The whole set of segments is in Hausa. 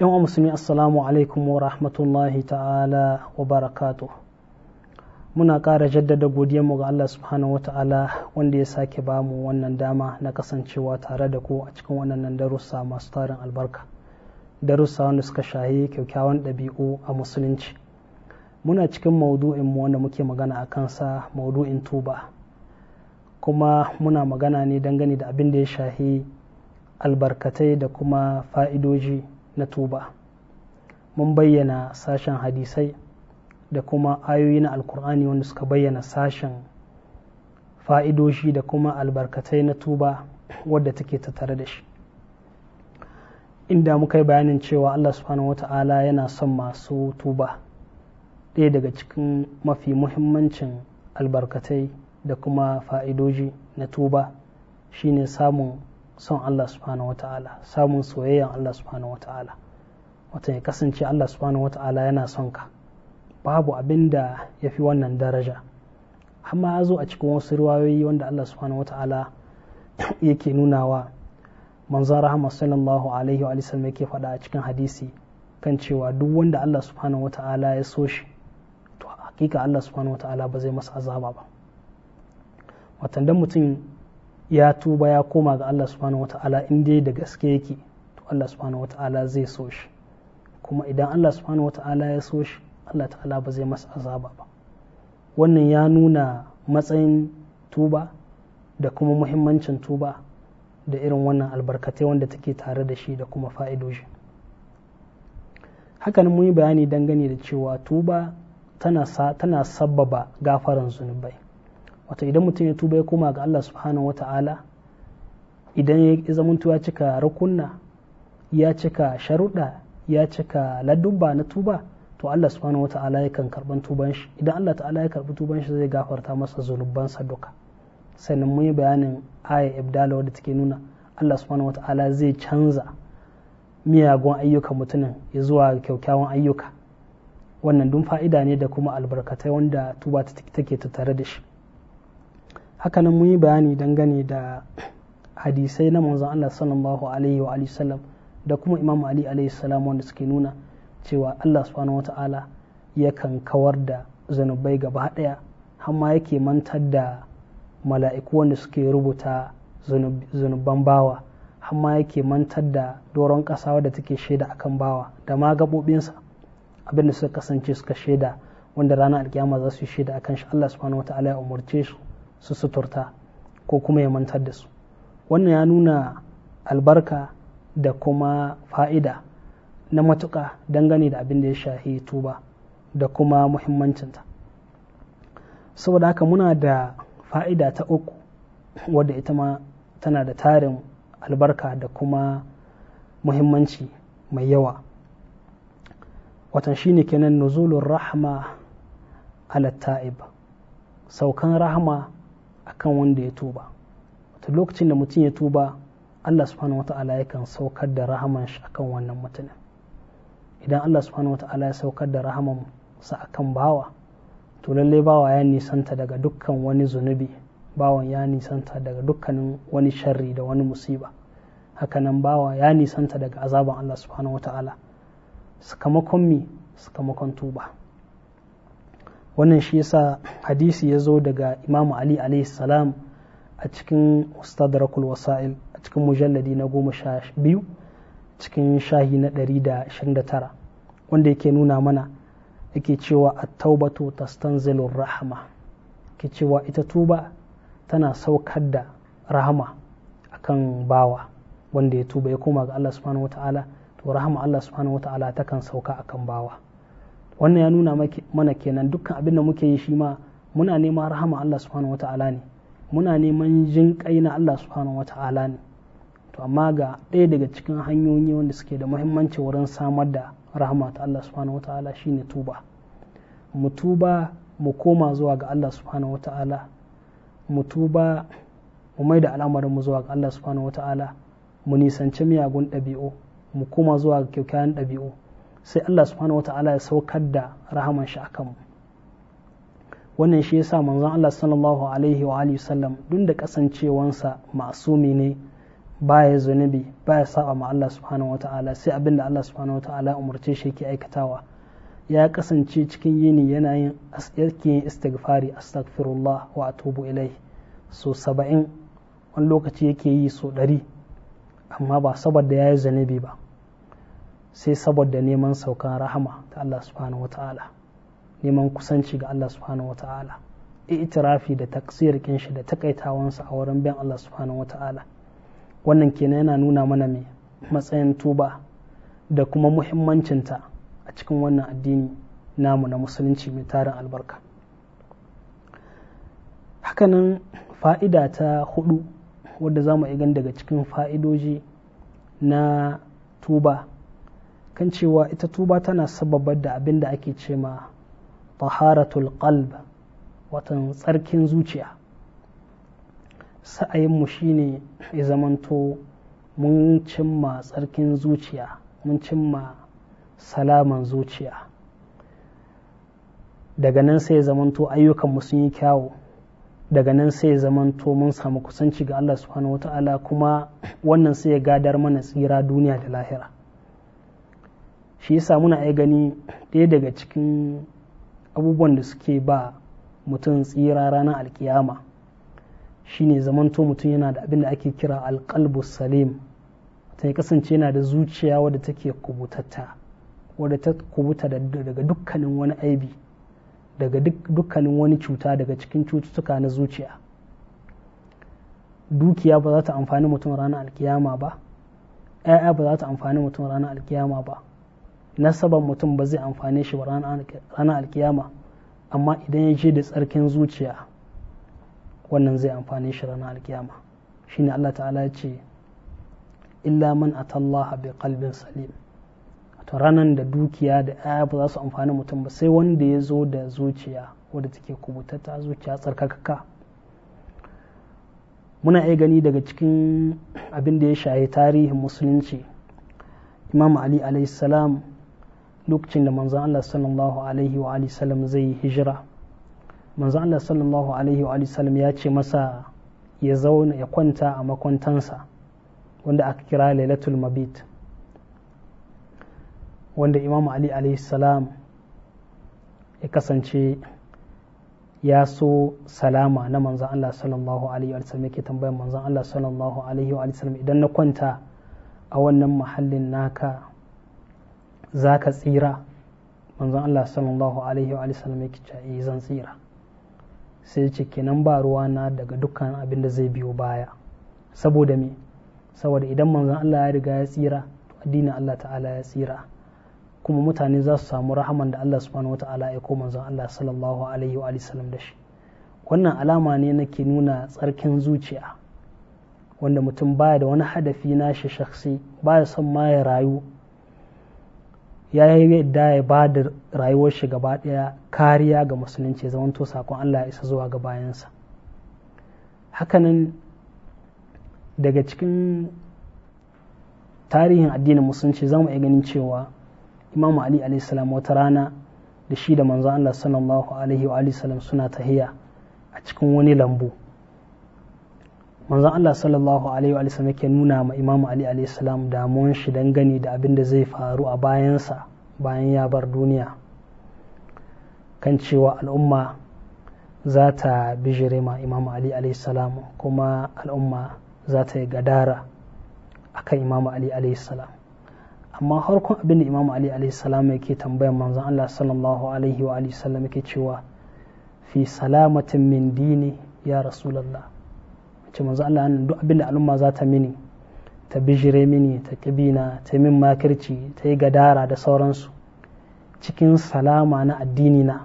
yan wa musulmi assalamu alaikum wa rahmatullahi ta'ala wa barakatu muna ƙara jaddada mu ga Allah subhanahu wa ta'ala wanda ya sake bamu wannan dama na kasancewa tare da ku a cikin wannan darussa masu tarin albarka darussa wanda suka shahi kyakkyawan ɗabi'u a musulunci muna cikin maudu'in mu wanda muke magana a kansa maudu'in tuba kuma muna magana ne dangane da abin da ya shahi albarkatai da kuma fa'idoji na tuba mun bayyana sashen hadisai da kuma ayoyi na alkur'ani wanda suka bayyana sashen fa'idoshi da kuma albarkatai na tuba wadda take tattare da shi inda muka yi bayanin cewa Allah subhanahu wata'ala yana son masu tuba ɗaya daga cikin mafi muhimmancin albarkatai da kuma fa'idoji na tuba shine samun son Allah subhanahu ta'ala samun soyayyan Allah subhanahu ta'ala wata ya kasance Allah subhanahu ta'ala yana son ka babu abin da ya fi wannan daraja amma ya zo a cikin wasu riwayoyi wanda Allah subhanahu ta'ala yake nunawa manzon rahama sallallahu alaihi wa sallam yake faɗa a cikin hadisi kan cewa duk wanda Allah subhanahu ta'ala ya so shi to hakika Allah subhanahu ta'ala ba zai masa azaba ba watan dan mutum ya tuba ya koma ga Allah subhanahu wata'ala in dai da gaske yake to Allah subhanahu ta'ala zai so shi kuma idan Allah subhanahu ta'ala ya so shi Allah ta'ala ba zai masa azaba ba wannan ya nuna matsayin tuba da kuma muhimmancin tuba da irin wannan albarkatai wanda take tare da shi da kuma fa'idoshi hakan mun yi bayani dangane da cewa tuba tana, tana sabbaba gafaran zunubai wata idan mutum ya tuba ya koma ga Allah subhanahu wata'ala idan ya zama ya cika rukunna ya cika sharuɗa ya cika ladubba na tuba to Allah subhanahu wata'ala ya kan karban tuban shi idan Allah ta'ala ya karɓi tuban shi zai gafarta masa sa duka sannan mun yi bayanin aya ibdala wadda take nuna Allah subhanahu wata'ala zai canza miyagun ayyukan mutumin ya zuwa kyaukyawan ayyuka wannan dun fa'ida ne da kuma albarkatai wanda tuba take tattare da shi hakanan mun yi bayani dangane da hadisai na manzon Allah sallallahu alaihi wa alihi sallam da kuma Imam Ali alaihi salam wanda suke nuna cewa Allah subhanahu wata'ala yakan kawar da zanubai gaba daya amma yake mantar da mala'iku wanda suke rubuta zanuban bawa amma yake mantar da doron kasa wadda take shaida akan bawa da ma gaɓoɓinsa abinda suka kasance suka shaida wanda ranar alkiyama za su yi shaida akan shi Allah subhanahu wata'ala ya umarce su su suturta ko kuma ya mantar da su wannan ya nuna albarka da kuma fa'ida na matuƙa dangane da abin da ya shahi tuba da kuma muhimmancinta saboda haka muna da fa'ida ta uku wadda ita ma tana da tarin albarka da kuma muhimmanci mai yawa watan shine kenan nuzulun rahma ala ta'ib saukan rahma akan wanda ya tuba wata lokacin da mutum ya tuba Allah subhanahu wata'ala yakan saukar da rahaman shi akan wannan mutumin idan Allah subhanahu wata'ala ya saukar da rahaman sa akan bawa to lallai bawa ya nisanta daga dukkan wani zunubi bawan ya nisanta daga dukkanin wani sharri da wani musiba hakanan bawa ya nisanta daga azaban Allah subhanahu wata'ala sakamakon mi sakamakon tuba wannan shi yasa hadisi ya zo daga imamu ali alayhi salam a cikin ustadrakul wasa'il a cikin mujalladi na goma sha biyu cikin shahi na ɗari da ashirin da tara wanda yake nuna mana yake cewa taubato taubatu tastanzilur rahma ke cewa ita tuba tana saukar da rahama akan bawa wanda ya tuba ya koma ga Allah subhanahu ta'ala to rahama Allah subhanahu ta takan sauka akan bawa wannan ya nuna mana kenan dukkan abin da muke yi shi ma muna neman rahama Allah subhanahu wata'ala ne muna neman jin kai na Allah subhanahu wata'ala ne to amma ga ɗaya daga cikin hanyoyi wanda suke da muhimmanci wurin samar da rahama ta Allah subhanahu wata'ala shine tuba mu tuba mu koma zuwa ga Allah subhanahu wata'ala mu tuba mu mai da al'amarin mu zuwa ga Allah subhanahu wata'ala mu nisanci miyagun ɗabi'u mu koma zuwa ga kyaukyawan ɗabi'u sai Allah subhanahu wata'ala ya saukar da rahaman shi akan mu wannan shi yasa manzon Allah sallallahu alaihi wa alihi sallam duk da kasancewansa masumi ne baya zunubi baya saba ma Allah subhanahu wata'ala sai abinda Allah subhanahu wata'ala umarce shi yake aikatawa ya kasance cikin yini yana yin yin istighfari astaghfirullah wa atubu ilai so saba'in wani lokaci yake yi so ɗari amma ba saboda ya yi zunubi ba sai saboda neman saukan rahama ta Allah subhanahu wa ta'ala neman kusanci ga Allah subhanahu wa ta'ala itirafi da taksir shi da takaitawansa a wurin bin Allah subhanahu wa ta'ala wannan kenan yana nuna mana mai matsayin tuba da kuma muhimmancinta a cikin wannan addini namu na musulunci mai tarin albarka hakanan fa'ida ta hudu wadda za mu igan daga cikin fa'idoji na tuba kan cewa ita tuba tana sababar da abin da ake ce ma taharatul qalb watan tsarkin zuciya sa'ayinmu shine ya zamanto mun cimma tsarkin zuciya mun cimma salaman zuciya daga nan sai ya zamanto ayyukanmu sun yi kyawu daga nan sai ya zamanto mun samu kusanci ga Allah subhanahu wata'ala kuma wannan sai ya gadar mana tsira duniya da lahira shi yasa muna ai gani ɗaya daga cikin abubuwan da suke ba mutum tsira ranar alkiyama shine zamanto mutum yana da abin da ake kira alƙalbu salim ta ya kasance yana da zuciya wadda take kubutatta wadda ta kubuta daga dukkanin wani aibi daga dukkanin wani cuta daga cikin cututtuka na zuciya dukiya ba za ta amfani mutum ranar alkiyama ba 'ya'ya ba za ta amfani mutum ranar alkiyama ba nasaban mutum ba zai amfane shi ba ranar alkiyama amma idan ya je da tsarkin zuciya wannan zai amfane shi ranar alkiyama shine Allah ta'ala ya ce illa man atallaha bi qalbin salim to ranan da dukiya da aya ba za su amfani mutum ba sai wanda ya zo da zuciya wadda take kubutata zuciya tsarkakaka muna iya gani daga cikin abin da ya shahi tarihin musulunci imam ali salam lokacin da manzan Allah sallallahu alaihi wa alihi sallam zai hijira manzan Allah sallallahu alaihi wa alihi sallam ya ce masa ya zauna ya kwanta a makwantansa wanda aka kira lailatul mabit wanda Imam ali alaihi salam ya kasance ya so salama na manzan Allah sallallahu alaihi wa sallam yake tambayar manzan Allah sallallahu alaihi wa sallam idan na kwanta a wannan mahallin naka za ka tsira manzon Allah sallallahu alaihi wa sallam yake cewa eh, zan tsira sai ce kenan ba ruwa na daga dukkan abin da zai biyo baya saboda me saboda idan manzon Allah ya riga ya tsira to addinin Allah ta'ala ya tsira kuma mutane za su samu rahaman da Allah subhanahu wa ta'ala ya koma manzon Allah sallallahu alaihi wa sallam da shi wannan alama ne nake nuna tsarkin zuciya wanda mutum baya da wani hadafi na shi shakhsi baya son ma ya rayu ya yi yadda ya ba da rayuwar shi gaba ɗaya kariya ga musulunci zaman to sakon Allah ya isa zuwa ga bayansa hakanan daga cikin tarihin addinin musulunci za mu iya ganin cewa imamu ali alaihissalam wata rana da shi da manzan Allah sallallahu alaihi wa suna tahiya a cikin wani lambu manzon Allah sallallahu alaihi wa sallam yake nuna ma Imam Ali alaihi salam damuwan shi dangane da abin da zai faru a bayansa bayan ya bar duniya kan cewa al'umma za ta bijire ma Imam Ali alaihi salam kuma al'umma za ta yi gadara akan Imam Ali alaihi salam amma harkon abin da Imam Ali alaihi salam yake tambayar manzon Allah sallallahu alaihi wa sallam yake cewa fi salamatin min dini ya rasulullah ce manzo Allah duk abin da al'umma za ta mini ta bijire mini ta kibina ta min makirci ta yi gadara da sauransu cikin salama na addini na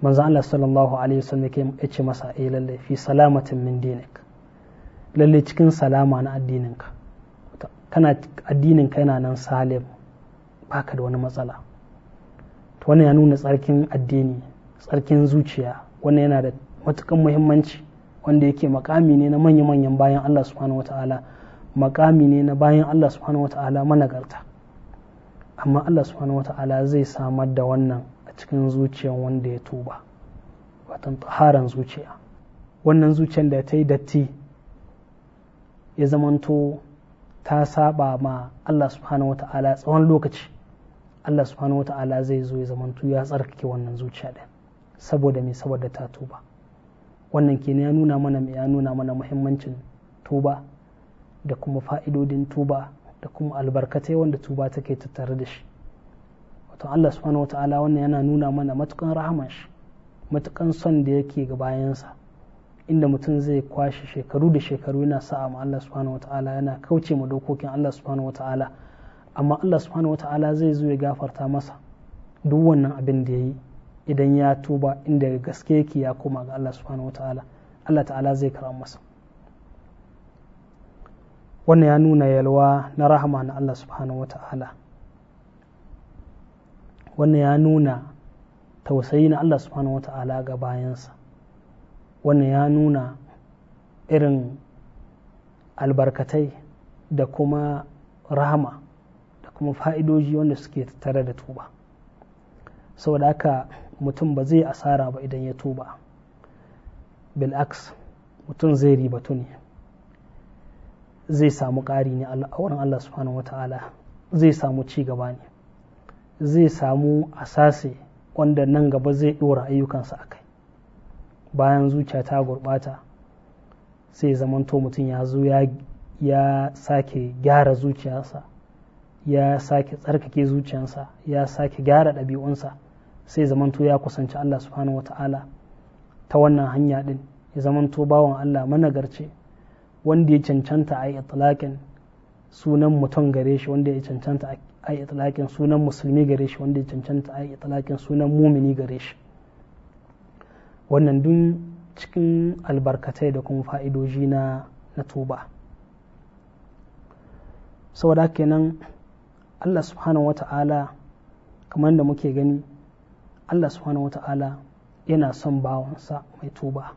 manzo Allah sallallahu alaihi wasallam yake ce masa eh lalle fi salamatin min dinik lalle cikin salama na addininka kana addininka yana nan salim baka da wani matsala to wannan ya nuna tsarkin addini tsarkin zuciya wannan yana da matukan muhimmanci wanda yake makami ne na manya-manyan bayan Allah subhanahu wata'ala makami ne na bayan Allah subhanahu wata'ala managarta amma Allah subhanahu wata'ala zai samar da wannan a cikin zuciyar wanda ya tuba watan taharan zuciya wannan zuciyar da ta yi datti ya zamanto ta saba ma Allah subhanahu wata'ala tsawon lokaci Allah subhanahu wata'ala zai zo ya zamanto ya tsarkake wannan zuciya saboda me saboda ta tuba wannan ke ya nuna mana ya nuna mana muhimmancin tuba da kuma fa'idodin tuba da kuma albarkatai wanda tuba take tattare da shi wato Allah subhanahu wa ta'ala wannan yana nuna mana matukan rahaman shi matukan son da yake ga bayansa inda mutum zai kwashe shekaru da shekaru yana sa'a ma Allah subhanahu wa ta'ala yana kauce ma dokokin Allah subhanahu wa ta'ala amma Allah subhanahu wa ta'ala zai zo ya gafarta masa duk wannan abin da ya yi idan ya tuba inda gaske yake ya koma ga Allah subhanahu wataala Allah ta'ala zai kara masa wannan ya nuna yalwa na rahama na Allah subhanahu wataala wannan ya nuna tausayi na Allah subhanahu wataala ga bayansa wannan ya nuna irin albarkatai da kuma rahama da kuma fa'idoji wanda suke tare da tuba saboda haka mutum ba zai asara ba idan ya tuba bil'aks mutum zai ribatu ne zai samu ƙari ne a wurin Allah subhanahu wata'ala zai samu ci gaba ne zai samu asase wanda nan gaba zai ɗora ayyukansa a kai bayan zuciya ta gurɓata sai zamanto mutum ya zo ya sake gyara zuciyarsa ya sake tsarkake zuciyarsa ya sake gyara ɗabi'unsa sai zamanto ya kusanci Allah subhanahu wata'ala ta wannan hanya din ya zamanto bawan Allah managarci wanda ya cancanta a itlaqin sunan mutum gare shi wanda ya cancanta a itlaqin sunan musulmi gare shi wanda ya cancanta a itlaqin sunan mumini gare shi wannan dun cikin albarkatai da kuma fa'idoji na na tuba saboda kenan Allah subhanahu wata'ala kamar da muke gani Allah subhanahu wata'ala yana son bawansa mai tuba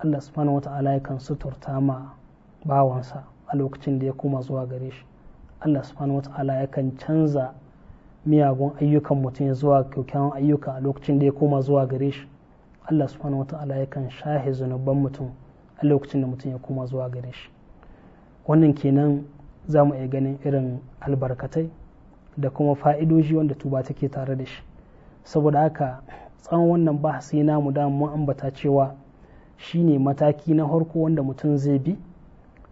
Allah subhanahu wata'ala yakan suturta ma bawansa a lokacin da ya koma zuwa gare shi Allah subhanahu wata'ala yakan canza miyagun ayyukan mutum ya zuwa kyakkyawan ayyuka a lokacin da ya koma zuwa gare shi Allah subhanahu wata'ala yakan shahe zunuban mutum a lokacin da mutum ya koma zuwa gare shi wannan kenan za mu iya ganin irin albarkatai da kuma fa'idoji wanda tuba take tare da shi saboda haka tsawon wannan bahasi mu da mun ambata cewa shine mataki na harko wanda mutum zai bi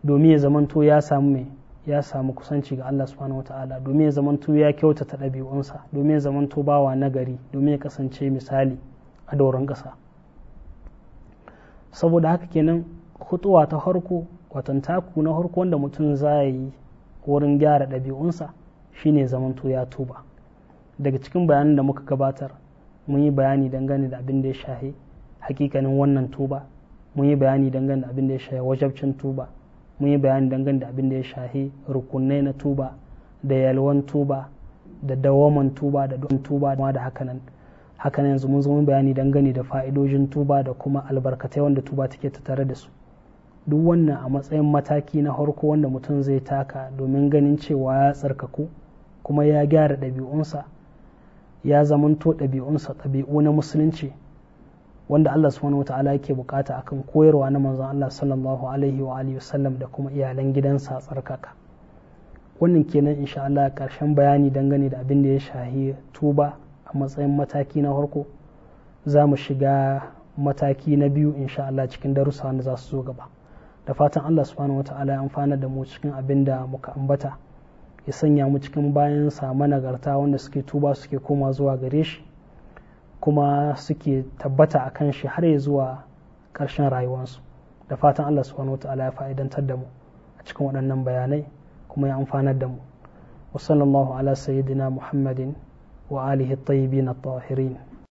domin ya zamanto ya samu mai ya samu kusanci ga Allah subhanahu wata'ala domin ya zamanto ya kyautata ɗabi'unsa domin ya zamanto bawa nagari domin ya kasance misali a doron ƙasa saboda haka kenan hutuwa ta harko watan taku na harko wanda mutum za yi wurin gyara ɗabi'unsa shine zamanto ya tuba daga cikin bayanan da muka gabatar mun yi bayani dangane da abin da ya shahi hakikanin wannan tuba mun yi bayani dangane da abin da ya shahi wajabcin tuba mun yi bayani dangane da abin da ya shahi rukunai na tuba da yalwan tuba da dawaman tuba da don tuba da da hakanan hakanan yanzu mun zo bayani dangane da fa'idojin tuba da kuma albarkatai wanda tuba take tattare da su duk wannan a matsayin mataki na harko wanda mutum zai taka domin ganin cewa ya tsarkaku kuma ya gyara ɗabi'unsa ya zamanto ɗabi'unsa ɗabi'u na musulunci wanda Allah subhanahu wata'ala yake bukata kan koyarwa na manzon Allah sallallahu alaihi wa alihi wasallam da kuma iyalan gidansa tsarkaka wannan kenan insha Allah karshen bayani dangane da abin da ya shahi tuba a matsayin mataki na farko za mu shiga mataki na biyu insha Allah cikin darussa wanda za su zo gaba da fatan Allah subhanahu wata'ala ya amfana da mu cikin abin da muka ambata ya sanya mu cikin bayan bayansa managarta wanda suke tuba suke koma zuwa gare shi kuma suke tabbata a kan shi har ya zuwa ƙarshen rayuwarsu da fatan Allah subhanahu wata'ala ya fa'idantar da mu a cikin waɗannan bayanai kuma ya amfanar da mu wa sallallahu ala sayyidina muhammadin wa alihi tayyibin at-tahirin